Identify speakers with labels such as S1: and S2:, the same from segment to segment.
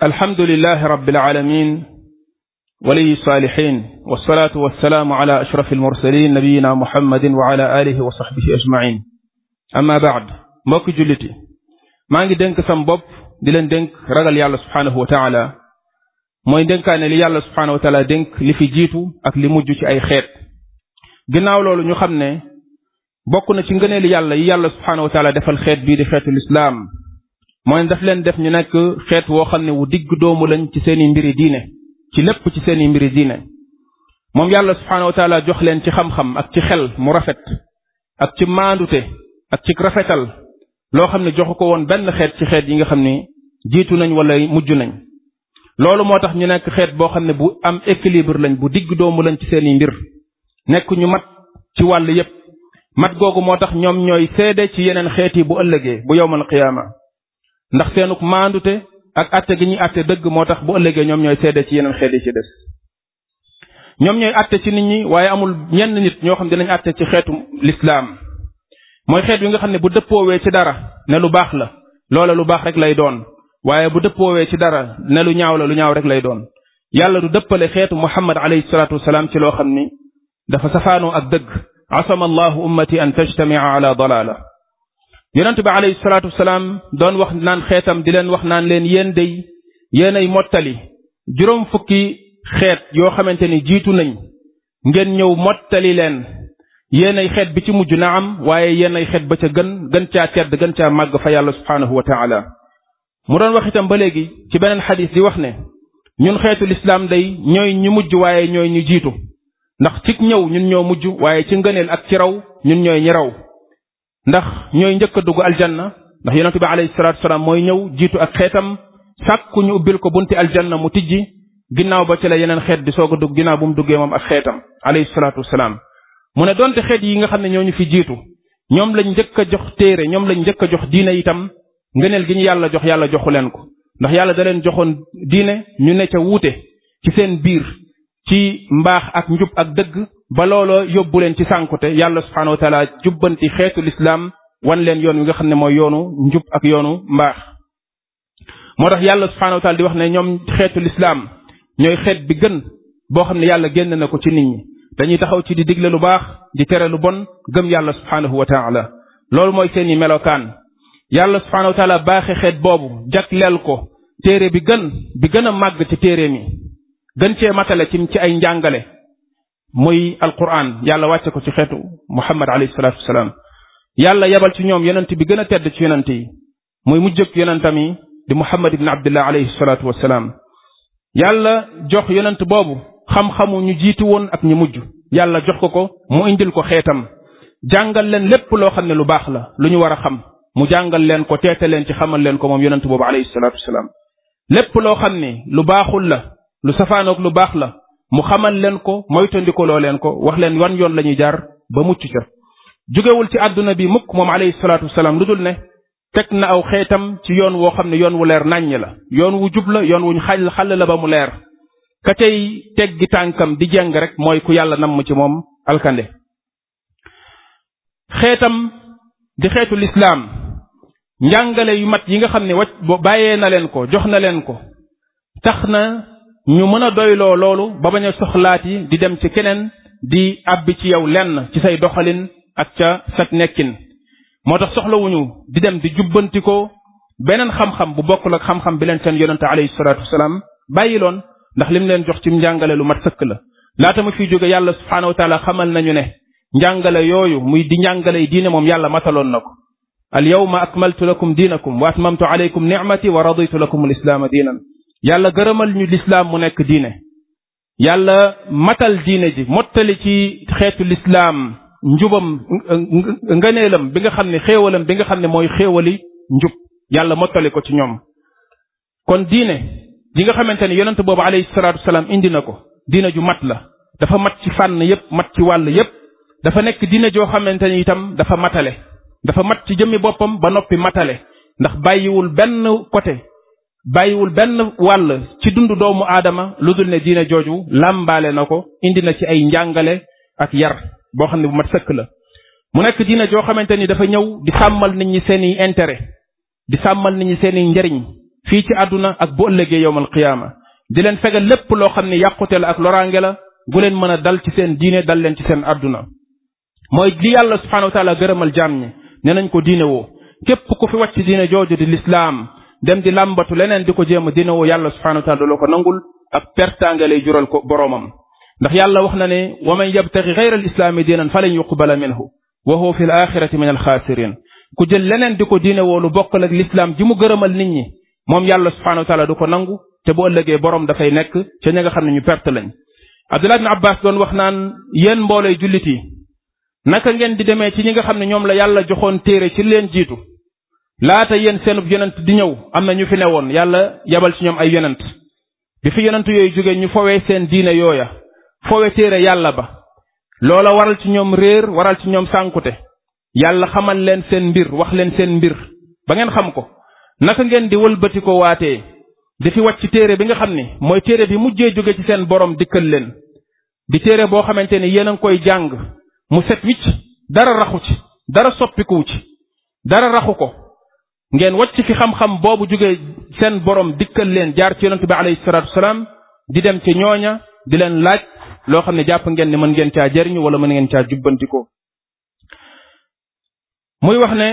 S1: alhamdulilahi rabbil alamin waliyi saalihin wasalaatu wasalaamu ala ashraf almursalin nabiyina muhammadin wa ala alihi wa sahbihi ajmain amma baad mbokki julliti maa ngi dénk sam bopp di leen dénk ragal yàlla subhaanahu wa taala mooy dénkaane li yàlla subhaanahu wa taala li fi jiitu ak li mujj ci ay xeet ginnaaw loolu ñu xam ne bokk na ci ngëneeli yàlla yi yàlla subhaanahu wa taala defal xeet bii di xeetu lislaam mooy daf leen def ñu nekk xeet woo xam ne wu digg doomu lañ ci seeni mbiri diine ci lépp ci seeni mbiri diine moom yàlla subhaanahu jox leen ci xam-xam ak ci xel mu rafet ak ci maandute ak ci rafetal loo xam ne joxu ko woon benn xeet ci xeet yi nga xam ni jiitu nañ wala mujj nañ loolu moo tax ñu nekk xeet boo xam ne bu am équilibre lañ bu digg doomu lañ ci seeni mbir nekk ñu mat ci wàll yépp mat googu moo tax ñoom ñooy seede ci yeneen xeet yi bu ëllëgee bu yowmal qiyaama ndax seenuk maandute ak atte gi ñuy atte dëgg moo tax boo ëllëgee ñoom ñooy seede ci yeneen xeet yi ci des ñoom ñooy atte ci nit ñi waaye amul ñenn nit ñoo xam dinañ atte ci xeetu lislaam mooy xeet wi nga xam ne bu dëppoowee ci dara ne lu baax la loola lu baax rek lay doon waaye bu dëppoowee ci dara ne lu ñaaw la lu ñaaw rek lay doon yàlla du dëppale xeetu muhammad alayhi salaatu wasalaam ci loo xam ni dafa safaanoo ak dëgg asama allahu ummati an tajtamia ala dalaala yonent bi alayhi salaatu doon wax naan xeetam di leen wax naan leen yéen day yéen ay mottali juróom fukki xeet yoo xamante ni jiitu nañ ngeen ñëw mottali leen yeen ay xeet bi ci mujj na am waaye yéen ay xeet ba ca gën gën caa tedd gën caa màgg fa yàlla subhaanahu wa taala mu doon wax itam ba léegi ci beneen xadis di wax ne ñun xeetu lislaam day ñooy ñu mujj waaye ñooy ñu jiitu ndax ci ñëw ñun ñoo mujj waaye ci ngëneel ak ci raw ñun ñooy ñi raw ndax ñooy njëkk a dugg aljanna ndax yonente bi alayhi salatu wasalaam mooy ñëw jiitu ak xeetam sàkku ñu ubbil ko bunti aljanna mu tijji ginnaaw ba ci la yeneen xeet di soog a dugg ginnaaw bu mu duggee moom ak xeetam alayhi salatu wasalaam mu ne donte xeet yi nga xam ne ñooñu fi jiitu ñoom lañ njëkk a jox téere ñoom lañ njëkk a jox diine itam ngëneel gi ñu yàlla jox yàlla joxu leen ko ndax yàlla daleen joxoon diine ñu ne ca wuute ci seen biir ci mbaax ak njub ak dëgg ba loola yóbbu leen ci sànkute yàlla subhaanahu wa jubbanti xeetu lislaam wan leen yoon wi nga xam ne mooy yoonu njub ak yoonu mbaax moo tax yàlla subhaanahu wa di wax ne ñoom xeetu lislaam ñooy xeet bi gën boo xam ne yàlla génn na ko ci nit ñi dañuy taxaw ci di digle lu baax di tere lu bon gëm yàlla subhaanahu wa taala loolu mooy seeni melokaan yàlla subhaanahu wa baaxe xeet boobu jagleel ko téere bi gën bi gën a màgg ci téere mi gën cee matale ci ci ay njàngale muy alquran yàlla wàcce ko ci xeetu muhammad alayhi salaatu wasalaam yàlla yebal ci ñoom yonent bi gën a tedd ci yonent yi muy mujjëg yonentam yi di muhammad ibn abdullah alayhi salaatu wasalaam yàlla jox yonent boobu xam-xamu ñu jiitu woon ak ñu mujj yàlla jox ko ko mu indil ko xeetam jàngal leen lépp loo xam ne lu baax la lu ñu war a xam mu jàngal leen ko teete leen ci xamal leen ko moom yonent boobu alayhi salaatu wasalaam la lu safaanoog lu baax la mu xamal leen ko moytandikuloo leen ko wax leen wan yoon la ñuy jaar ba mucc ca jógewul ci àdduna bi mukk moom alayhi salaatu wasalaam lu dul ne teg na aw xeetam ci yoon woo xam ne yoon wu leer nàññ la yoon wu jub la yoon wuñ xal xal la ba mu leer ka cay teggi tànkam di jeng rek mooy ku yàlla namm ci moom alkande xeetam di xeetu lislaam njàngale yu mat yi nga xam ne wacc bàyyee na leen ko jox na leen ko tax na ñu mën a doyloo loolu ba bañ a soxlaati di dem ci keneen di àbbi ci yow lenn ci say doxalin ak ca sag nekkin moo tax soxlawuñu di dem di jubbanti ko beneen xam-xam bu bokk ak xam-xam bi leen seen yonente alayhi salaatu wasalaam bàyyi loon ndax lim leen jox ci njàngale lu mat sëkk la laata ma fiy jóge yàlla subhaanahu wa taala xamal nañu ne njàngale yooyu muy di njàngale diine moom yàlla mataloon na ko al yawma akmaltu lakum diinakum wa atmamtu alaykum nicmati wa raditu lakum al islaama yàlla gërëmal ñu lislaam mu nekk diine yàlla matal diine ji mottali ci xeetu lislaam njubam ngëneelam bi nga xam ne xéewalam bi nga xam ne mooy xéewali njub yàlla mottali ko ci ñoom kon diine ji nga xamante ne yonent boobu alayhi salaatu indi na ko diine ju mat la dafa mat ci fànn yépp mat ci wàll yépp dafa nekk diine joo xamante ni itam dafa matale dafa mat ci jëmmi boppam ba noppi matale ndax bàyyiwul benn côté bàyyiwul benn wàll ci dundu doomu aadama lu dul ne diine jooju làmbaale na ko indi na ci ay njàngale ak yar boo xam ne bu mat sëkk la mu nekk diine joo xamante ni dafa ñëw di sàmmal nit ñi seeni intérêt di sàmmal nit ñi seeni njariñ fii ci àdduna ak bu ëllëgee yowmal qiyaama di leen fegal lépp loo xam ne yàqute la ak loraange la gu leen mën a dal ci seen diine dal leen ci seen àdduna mooy li yàlla subhaanahu gërëmal jaam ñi ne nañ ko diine woo képp ku fi dem di làmbatu leneen di ko jéem a dinawoo yàlla subhanahu wa taala ko nangul ak pertaanga lay jural ko boroomam ndax yàlla wax na ne wa man yabtaxi gayra al islaami diinan falan yuqbala minhu wa huwa fi l axirati min alxaasirin ku jël leneen di ko woo lu bokkal ak lislaam ji mu gërëmal nit ñi moom yàlla subhanahu du ko nangu te bu ëllëgee boroom dafay nekk ca ña nga xam ne ñu perte lañ abdullah ibn abbas doon wax naan yen mboolay jullit yi naka ngeen di demee ci ñi nga xam ne ñoom la yàlla joxoon téere ci leen jiitu laata yéen seenub yonent di ñëw am na ñu fi woon yàlla yabal ci ñoom ay yonent bi fi yonent yooyu jóge ñu fowee seen diine yooya fowe téere yàlla ba loola waral ci ñoom réer waral ci ñoom sànkute yàlla xamal leen seen mbir wax leen seen mbir ba ngeen xam ko naka ngeen di wëlbati ko waatee di fi wàcc téere bi nga xam ni mooy téere bi mujjee jóge ci seen borom dikkal leen di téere boo xamante ni yéen a ngi koy jàng mu set wicc dara raxu ci dara soppikuwu ko ngeen wàcc fi xam-xam boobu jógee seen boroom dikkal leen jaar ci yonente bi alayhi salatu wasalaam di dem ci ñooña di leen laaj loo xam ne jàpp ngeen ni mën ngeen caa jariñu wala mën ngeen caa jubbantikoo muy wax ne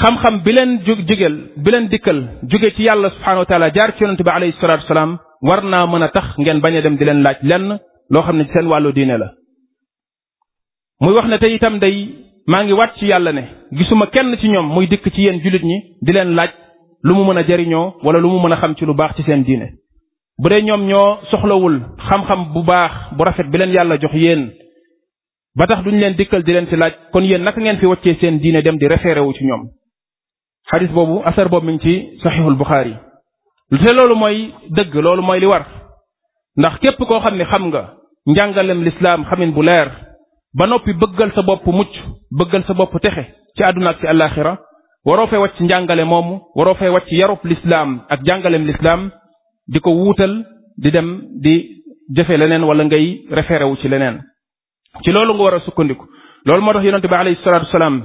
S1: xam-xam bi leen ju jigéel bi leen dikkal jóge ci yàlla subhanahu wa taala jaar ci yonente bi alayhi salatu wasalaam war naa mën a tax ngeen bañ a dem di leen laaj lenn loo xam ne seen wàllu diine la muy wax ne te itam day maa ngi waat ci yàlla ne gisuma kenn ci ñoom muy dikk ci yéen jullit ñi di leen laaj lu mu mën a jariñoo wala lu mu mën a xam ci lu baax ci seen diine bu dee ñoom ñoo soxlawul xam-xam bu baax bu rafet bi leen yàlla jox yéen ba tax duñ leen dikkal di leen ci laaj kon yéen naka ngeen fi wàccee seen diine dem di référé wu ci ñoom xadis boobu asar boobu mi ngi ci saxiixul buxaari te loolu mooy dëgg loolu mooy li war ndax képp koo xam ne xam nga njàngalem lislaam xamin bu leer ba noppi bëggal sa bopp mucc bëggal sa bopp texe ci àdduna ak ci àllaaxira waroo fee wàcc njàngale moomu waroo fee wàcc yarub lislaam ak jàngaleem lislaam di ko wuutal di dem di jëfe leneen wala ngay référé wu ci leneen ci loolu nga war a sukkandiku loolu moo tax yonente bi alayhi salaatu wasalaam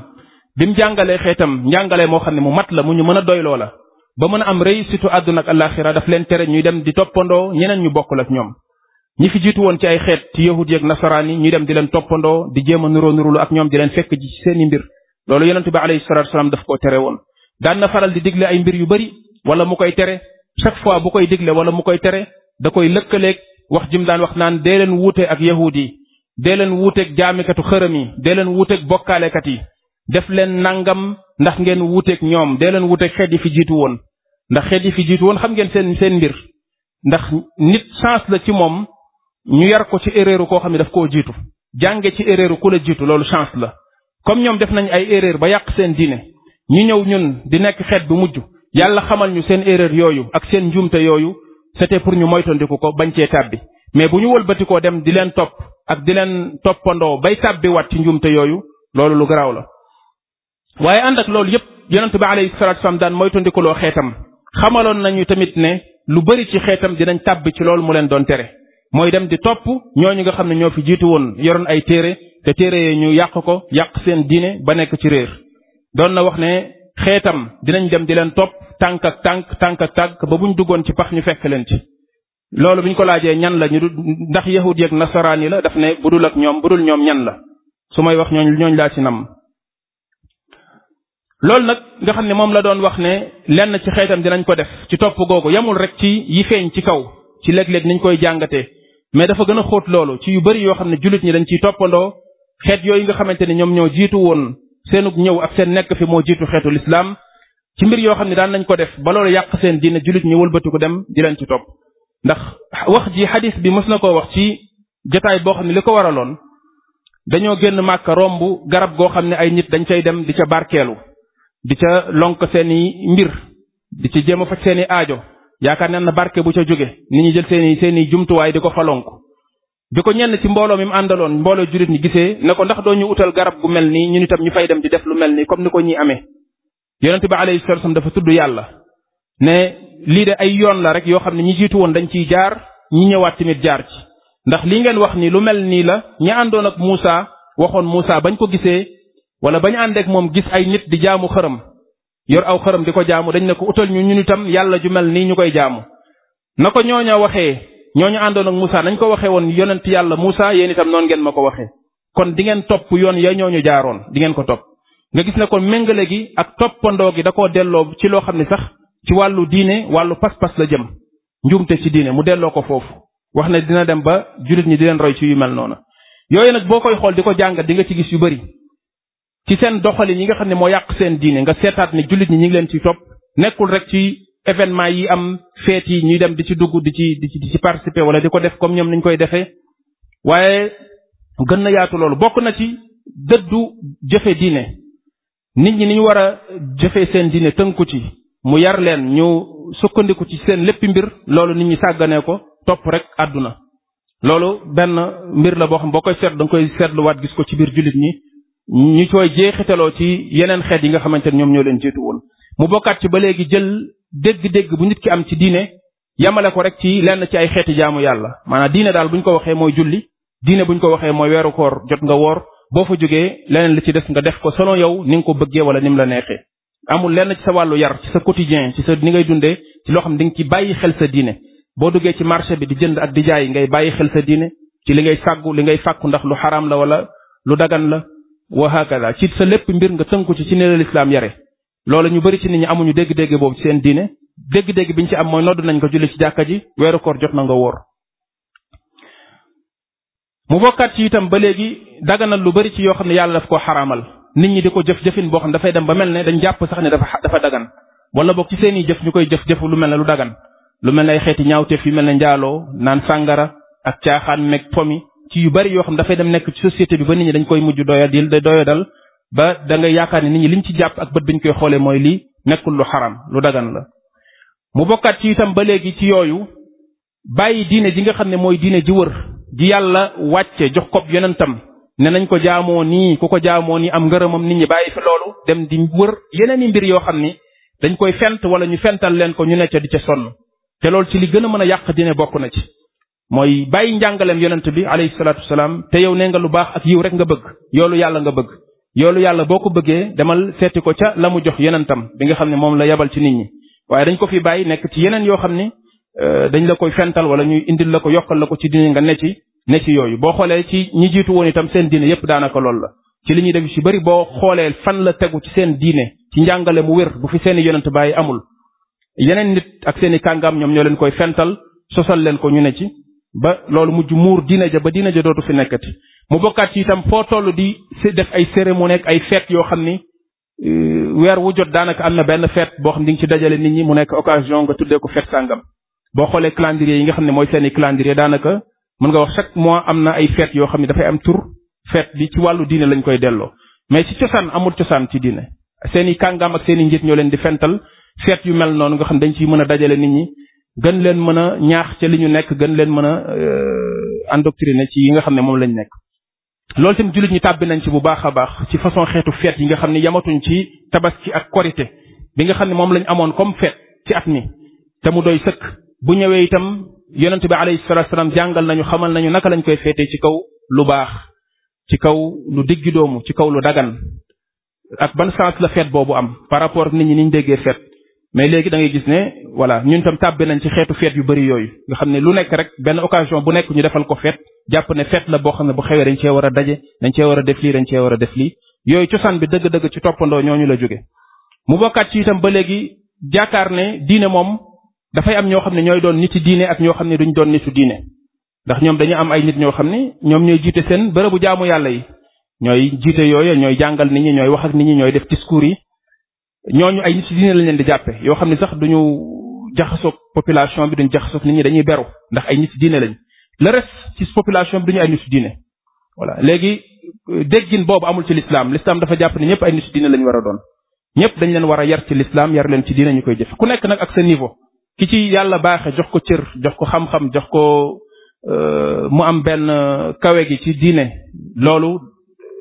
S1: bi jàngalee xeetam njàngale moo xam ne mu mat la mu ñu mën a doyloo la ba mën a am rey réussite àdduna ak àllaaxira daf leen tere ñuy dem di toppandoo ñeneen ñu bokkul ak ñoom ñi fi jiitu woon ci ay xeet ci yahud yeeg nasaraan yi ñu dem di leen toppandoo di jéem a nuroo nurulu ak ñoom di leen fekk ji ci seeni mbir loolu yonent bi alayhi salatu salaam daf koo tere woon daan na faral di digle mbir yu bari wala mu koy tere chaque fois bu koy digle wala mu koy tere da koy lëkkaleeg wax jim daan wax naan dee leen wuute ak yahud yi dee leen wuuteeg jaamikatu xërëm yi dee leen wuuteeg bokkaalekat yi def leen nangam ndax ngeen wuuteek ñoom dee leen wuuteeg xeet yi fi jiitu woon ndax xeet yi fi jiitu woon xam ngeen seen seen mbir ndax nit chance la ci moom ñu yar ko ci erreur koo xam ne daf koo jiitu jànge ci erreur ku la jiitu loolu chance la comme ñoom def nañ ay erreur ba yàq seen diine ñu ñëw ñun di nekk xeet bu mujj yàlla xamal ñu seen erreur yooyu ak seen njuumte yooyu c'était pour ñu moytandiku ko bañ cee tàbbi mais bu ñu wëlbatikoo dem di leen topp ak di leen toppandoo bay wat ci njuumte yooyu loolu lu garaaw la waaye ànd ak loolu yépp yonent bi alayhi salaatu salaam daan moytandikuloo xeetam xamaloon nañu tamit ne lu bari ci xeetam dinañ tàbbi ci loolu mu leen doon tere mooy dem di topp ñooñu nga xam ne ñoo fi jiitu woon yoroon ay téere te téere yee ñu yàq ko yàq seen diine ba nekk ci réer doon na wax ne xeetam dinañ dem di leen topp tànk ak tànk tànk ak tànk ba buñ duggoon ci pax ñu fekk leen ci loolu bi ñu ko laajee ñan la ñu du ndax yahud yeeg nasaraan yi la daf ne budul ak ñoom budul ñoom ñan la su may wax ñooñ ñooñ laa ci nam loolu nag nga xam ne moom la doon wax ne lenn ci xeetam dinañ ko def ci topp googu yamul rek ci yi feeñ ci kaw ci léeg-léeg niñ koy jàngatee mais dafa gën a xóot loolu ci yu bari yoo xam ne jullit ñi dañ ciy toppandoo xeet yooyu nga xamante ne ñoom ñoo jiitu woon seenu ñëw ak seen nekk fi moo jiitu xeetu lislaam ci mbir yoo xam ne daan nañ ko def ba loolu yàq seen diine jullit ñi wëlbatiku dem di leen ci topp ndax wax ji xadis bi mës na koo wax ci jotaay boo xam ne li ko waraloon dañoo génn màkka romb garab goo xam ne ay nit dañ cay dem di ca barkeelu di ca lonk seeni mbir di ca jéem a faj aajo yaakaar naa ne barke bu ca jóge nit ñi jël seeni seeni jumtuwaay di ko falonk bi ko ñenn ci mbooloo mi mu àndaloon mbooloo jurit ñi gisee ne ko ndax doo ñu utal garab gu mel nii ñun itam ñu fay dem di def lu mel nii comme ni ko ñuy amee yonente bi alayhi salatu wasallam dafa tudd yàlla ne lii de ay yoon la rek yoo xam ne ñi jiitu woon dañ ciy jaar ñi ñëwaat tamit jaar ci ndax li ngeen wax nii lu mel nii la ñi àndoon ak Muusa waxoon Muusa bañ ko gisee wala bañ àndeek moom gis ay nit di jaamu xërëm yor aw xërëm di ko jaamu dañ ne ko utal ñu ñun itam yàlla ju mel nii ñu koy jaamu na ko ñooña waxee ñooñu àndoon ak Moussa nañ ko waxee woon yonent yàlla Moussa yéen itam noonu ngeen ma ko waxee kon di ngeen topp yoon ya ñooñu jaaroon di ngeen ko topp nga gis ne kon méngale gi ak toppandoo gi da koo delloo ci loo xam ne sax ci wàllu diine wàllu pas-pas la jëm njuumte ci diine mu delloo ko foofu wax ne dina dem ba jullit ñi di leen roy ci yu mel noona yooyu nag boo koy xool di ko jàngat di nga ci gis yu bari ci seen doxalin yi nga xam ne moo yàq seen diine nga seetaat ne jullit ñi ñu ngi leen ci topp nekkul rek ci événement yi am feet yi ñuy dem di ci dugg di ci di ci di wala di ko def comme ñoom niñ koy defee waaye gën na yaatu loolu bokk na ci dëddu jëfe diine nit ñi ni ñu war a jëfe seen diine tënku ci mu yar leen ñu sukkandiku ci seen lépp mbir loolu nit ñi sàgganee ko topp rek àdduna loolu benn mbir la boo xam boo koy seet danga koy seetluwaat gis ko ci biir jullit ñi ñu koy jeexitaloo ci yeneen xeet yi nga xamante ne ñoom ñoo leen jiitu woon mu bokkaat ci ba léegi jël dégg-dégg bu nit ki am ci diine yamale ko rek ci lenn ci ay xeeti jaamu yàlla maanaam diine daal buñ ko waxee mooy julli diine buñ ko waxee mooy weeru koor jot nga woor boo fa jógee leneen li ci des nga def ko solo yow ni nga ko bëggee wala ni mu la neexee amul lenn ci sa wàllu yar ci sa quotidien ci sa ni ngay dundee ci loo xam di nga ci bàyyi xel sa diine boo duggee ci marché bi di jënd ak di jaay ngay bàyyi xel sa diine ci li ngay sàggu li ngay fàkku ndax lu xaraam la wala lu dagan la wa hakada ci sa lépp mbir nga tënku ci ci ne la lislaam yare loolu ñu bari ci nit ñi amuñu dégg-dégg boobu ci seen diine dégg-dégg biñ ci am mooy nodd nañ ko julli ci jàkka ji weeru koor jot na nga wóor mu bokkaat ci itam ba léegi daganal lu bari ci yoo xam ne yàlla daf koo xaraamal nit ñi di ko jëf-jëfin boo xam ne dafay dem ba mel ne dañ jàpp sax ne dafa dafa dagan wala boog ci seeni jëf ñu koy jëf-jëf lu mel ne lu dagan lu mel ne ay xeeti ñaawteef yi mel ne njaaloo naan sàngara ak caaxaan meg pomi ci yu bari yoo xam ne dafay dem nekk ci société bi ba nit ñi dañ koy mujj doyadil da doyadal ba da nga yaakaar ne nit ñi liñ ci jàpp ak bët biñ koy xoolee mooy lii nekkul lu xaram lu dagan la mu bokkaat ci itam ba léegi ci yooyu bàyyi diine ji nga xam ne mooy diine ji wër ji yàlla wàcce jox yeneen yonentam ne nañ ko jaamoo nii ku ko jaamoo nii am ngërëmam nit ñi bàyyi fi loolu dem di wër yeneen yi mbir yoo xam ni dañ koy fent wala ñu fental leen ko ñu necca di ca sonn te loolu ci li gën a mën a yàq diine bokk na ci mooy bàyyi njàngaleem yonent bi alayhi salaatu salaam te yow nee nga lu baax ak yiw rek nga bëgg yoolu yàlla nga bëgg yoolu yàlla boo ko bëggee demal seeti ko ca la mu jox yonentam bi nga xam ne moom la yebal ci nit ñi waaye dañ ko fi bàyyi nekk ci yeneen yoo xam ne euh, dañ la koy fental wala ñuy indil la ko yokkal la ko ci diine nga ne ci ne ci yooyu boo xoolee ci ñi jiitu woon itam seen diine yépp daanaka loolu la ci li ñuy def ci bari boo xoolee fan la tegu ci seen diine njàngale mu wér bu fi seeni yonent bàyyi amul yeneen nit ak seeni kàngaam ñoom ñoo leen koy fental sosal leen ko ñu ne ci ba loolu mujj muur diina ja ba diina ja dootu fi nekkati mu bokkaat yi itam foo toll di def ay cérémonie nekk ay fête yoo xam ni euh, weer wu jot daanaka am na benn fête boo xam ni nga ci dajale nit ñi mu nekk occasion nga tuddee ko fête sàngam boo xoolee calendrier yi nga xam ne mooy seeni calendrier daanaka mën nga wax chaque mois am na ay fête yoo xam ne dafay am tur fête bi ci wàllu diine lañ koy delloo mais ci cosaan amul cosaan ci diine seeni kàngam ak seeni njiit ñoo leen di fental fête yu mel noonu nga xam dañ ciy mën a dajale nit ñi gën leen mën a ñaax ca li ñu nekk gën leen mën a euh, endoctriner ci yi nga xam ne moom lañ nekk. loolu tamit jullit ñi tàbbi nañ ci bu baax a baax ci façon xeetu feet yi nga xam ne yamatuñ ci tabaski ak korite bi nga xam ne moom lañ amoon comme feet ci at mi te mu doy sëkk bu ñëwee itam yonent bi alayhi salaam jàngal nañu xamal nañu naka lañ koy feetee ci kaw lu baax ci kaw lu diggi doomu ci kaw lu dagan ak ban sens la feet boobu am par rapport ak nit ñi niñ déggee feet gis voilà ñun tam tàbbi nañ ci xeetu feet yu bëri yooyu nga xam ne lu nekk rek benn occasion bu nekk ñu defal ko feet jàpp ne feet la boo xam ne bu xewee dañ cee war a daje dañ cee war a def lii dañ cee war a def lii yooyu cosaan bi dëgg-dëgg ci toppandoo ñooñu la jóge mu bokkaat ci itam ba léegi jàkkaar ne diine moom dafay am ñoo xam ne ñooy doon nit ci diine ak ñoo xam ne duñ doon nitu diine ndax ñoom dañu am ay nit ñoo xam ne ñoom ñooy jiite seen bërëbu jaamu yàlla ñooy jiite yooyu ñooy jàngal nit ñi ñooy wax ak ñi ñooy def discours yi ñooñu ay leen di jàppe jaxasoog population bi duñ jaxasoog nit ñi dañuy beru ndax ay nit diine lañ le reste ci population bi duñu ay nit diine voilà léegi euh, déggin boobu amul ci l'islam l'islam dafa jàpp ne ñëpp ay nit diine lañ war a doon ñëpp dañ leen war a yar ci l'islam yar leen ci diine ñu koy jëf ku nekk nag ak sa ki ci yàlla baaxe jox ko cër jox ko xam-xam jox ko euh, mu am benn euh, kawe gi ci diine loolu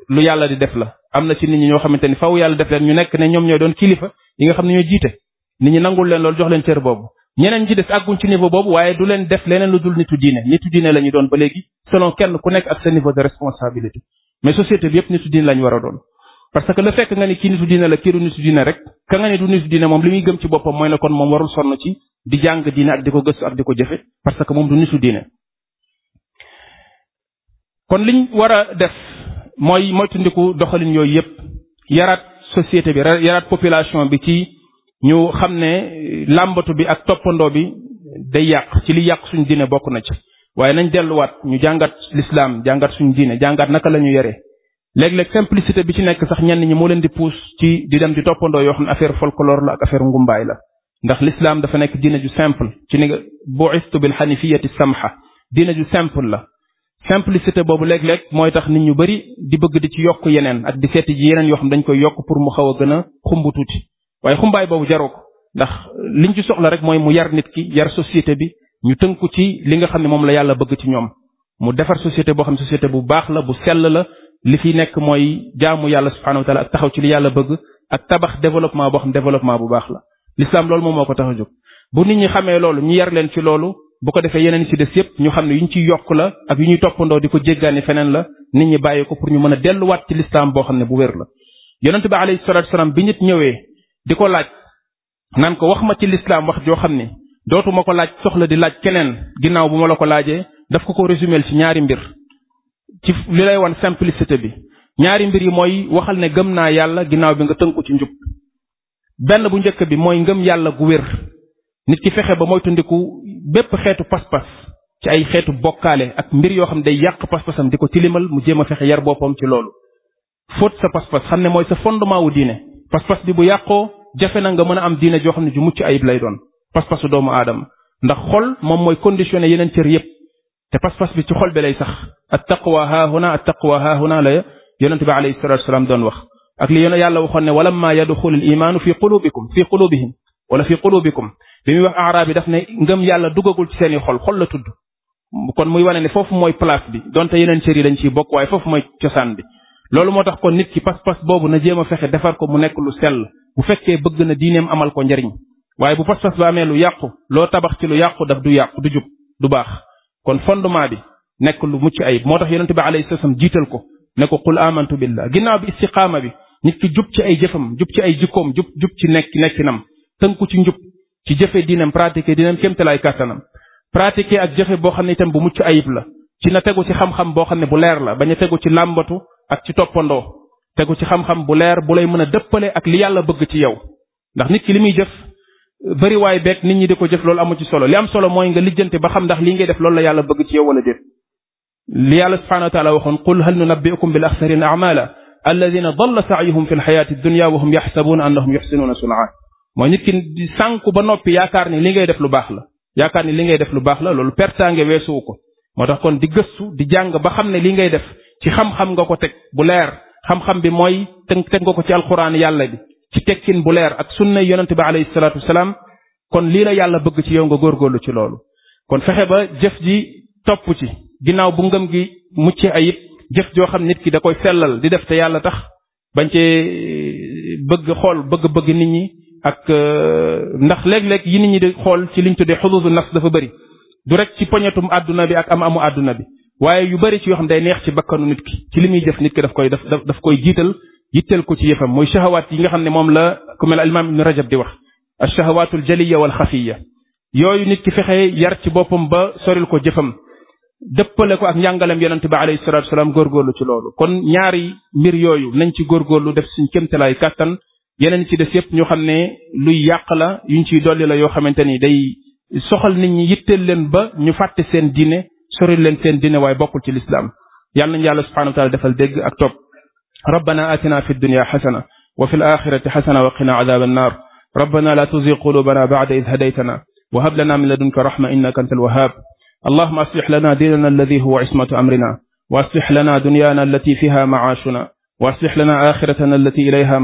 S1: lu yàlla di def la am na ci nit ñi ñoo xamante ni faw yàlla def leen ñu nekk ne ñoom ñooy doon kilifa yi nga xam ne ñoo jiite nit ñi nangul leen loolu jox leen cër boobu ñeneen ci des àgguñ ci niveau boobu waaye du leen def leneen lu dul nitu diine nitu diine la doon ba léegi selon kenn ku nekk ak sa niveau de responsabilité mais société bi yëpp nitu diine la ñu war a doon parce que le fekk nga ni kii nitu diine la kii du nitu diine rek ka nga ni du nitu diine moom li muy gëm ci boppam mooy ne kon moom warul sonn ci di jàng diine ak di ko gëstu ak di ko jëfe parce que moom du nitu diine kon war a def mooy moytundiku doxalin yooyu yëpp yaraat société bi yaraat population bi ci ñu xam ne làmbatu bi ak toppandoo bi day yàq ci li yàq suñ diine bokk na ci waaye nañ delluwaat ñu jàngat l'islam jàngat suñu diine jàngat naka la ñu yore léeg-léeg simplicité bi ci nekk sax ñenn ñi moo leen di pousse ci di dem di toppandoo yoo xam ne affaire folklore la ak affaire ngumbaay la ndax l'islam dafa nekk diine ju simple ci ni bu'istu bil hanifiyati samha diine ju simple la simplicité boobu léeg-léeg mooy tax nit ñu bari di bëgg di ci yokk yeneen ak di seeti ji yeneen yoo xam dañ koy yokk pour mu xaw a gën a xumb tuuti waaye xumbaay boobu jaroo ko ndax liñ ci soxla rek mooy mu yar nit ki yar société bi ñu tënku ci li nga xam ne moom la yàlla bëgg ci ñoom mu defar société boo xam ne société bu baax la bu sell la li fi nekk mooy jaamu yàlla subhanahu wa taxaw ci yàlla bëgg ak développement boo xam développement bu baax la l'islam loolu moom moo ko tax a jóg bu nit ñi xamee loolu ñu yar leen ci loolu bu ko defee yeneen ci des yëpp ñu xam ne yu ñu ci yokk la ak yu ñuy toppandoo di ko jéggaani feneen la nit ñi bàyyi ko pour ñu mën a delluwaat ci l'islam boo xam ne bu wér la yonent bi alayhi ñëwee di ko laaj naan ko wax ma ci lislaam wax joo xam ne dootuma ko laaj soxla di laaj keneen ginnaaw bu ma la ko laajee daf ko ko résumer ci ñaari mbir ci li lay wan simplicité bi ñaari mbir yi mooy waxal ne gëm naa yàlla ginnaaw bi nga tënku ci njub benn bu njëkk bi mooy ngëm yàlla gu wér nit ki fexe ba moytundiku bépp xeetu pas-pas ci ay xeetu bokkaale ak mbir yoo xam day yàq pas-pasam di ko tilimal mu jéema a fexe yar boppam ci loolu fóot sa pas xam ne mooy sa fondement wu diine jafe na nga mën a am diine joo xam ne ju mucc ayib lay doon pas-pasu doomu aadama ndax xol moom mooy conditionné yeneen cër yépp te pas-pas bi ci xol bi lay sax at taqwa haahuna at taqwa haahuna la yonente bi alayhi salatu wasalaam doon wax ak li yone yàlla waxoon ne walamma yadxulu l imaanu fi qulubikum fi qulubihim wala fi qulubikum bi muy wax araab yi daf ne ngëm yàlla duggagul ci seeni xol xol la tudd kon muy wane ne mooy place bi donte yeneen cër yi dañ ciy bokk waaye foofu mooy cosaan bi loolu moo tax kon nit ki pas-pas boobu na jéem a fexe defar ko mu nekk lu sell bu fekkee bëgg na diineem amal ko njariñ waaye bu pas-pas ba amee lu yàqu loo tabax ci lu yàqu daf du yàqu du jub du baax kon fondement bi nekk lu mucc ayib moo tax yonente bi alayhi salaam jiital ko ne ko qul amantu billah ginnaaw bi istiqaama bi nit ki jub ci ay jëfam jub ci ay jikkoom jub jub ci nekk nekkinam tënku ci njub ci jëfe diinam pratiquer diinam kémtalaay kàttanam pratiquer ak jëfe boo xam ne itam bu mucc ayib la ci na tegu ci xam boo xam ne bu leer la bañ a tegu ci làmbatu ak ci toppandoo tegu ci xam-xam bu leer bu lay mën a dëppale ak li yàlla bëgg ci yow ndax nit ki li muy jëf ba bariwaay beeg nit ñi di ko jëf loolu amu ci solo li am solo mooy nga lijjante ba xam ndax lii ngay def loolu la yàlla bëgg ci yow wala déet li yàlla subhanahu wa taala waxoon qul hal nunabbi'ukum bil axsarin a'mala alladina dalla saayuhum fi lxayaati dunya wa hum yaxsabuuna annahum yuxsinuuna sunaa mooy nit ki di sànku ba noppi yaakaar ni li ngay def lu baax la yaakaar ni li ngay def lu baax la loolu pertaange weesuwu ko moo tax kon di gëstu di jàng ba xam ne li ngay def ci xam-xam nga ko teg bu leer xam-xam bi mooy teg teg nga ko ci alxuraan yàlla bi ci tekkin bu leer ak sunna yonente bi alayhi salaatu wasalaam kon lii la yàlla bëgg ci yow nga góorgóorlu ci loolu kon fexe ba jëf ji topp ci ginnaaw bu ngëm gi mucc ayib jëf joo xam nit ki da koy sellal di def te yàlla tax bañ cee eh, bëgg xool bëgg-bëgg nit ñi ak eh, ndax léeg-léeg yi nit ñi di xool ci liñ tuddee xuduudu nafs dafa bëri du rek ci poñetum àdduna bi ak am amu àdduna bi waaye yu bari ci yoo xam ne day neex ci bakkanu nit ki ci li muy def nit ki daf koy daf daf koy giital yitteel ko ci yëfam mooy shahawaat yi nga xam ne moom la ku mel alimaam ibnu rajab di wax a ashahawaatul jaliya wal xafiya yooyu nit ki fexe yar ci boppam ba soril ko jëfam dëppale ko ak njàngalem yonente bi alayhi salatu góor góorgóorlu ci loolu kon ñaari mbir yooyu nañ ci góor góorgóorlu def suñ kémtalaay kàttan yeneen ci def yépp ñoo xam ne luy yàq la yuñ ciy dolli la yoo xamante ni day soxal nit ñi yitteel leen ba ñu fàtte seen diine sori leen seen diine waaye bokkul ci lislaam yàlla nañu yàlla subhanahu wa taala defal dégg ak topp rabbana atina fi dunya xasana wa fi alaxirati xasana wa qina adab annar rabbana la tuzig qulubana bada id hadaytana wa hab lana min ladunka rahma innaka anta alwahab allahuma aslix lana diinana alladi huwa ismatu amrina wa aslix lana dunyana allati fiha maashuna wa aslix lana axiratana allati ilayha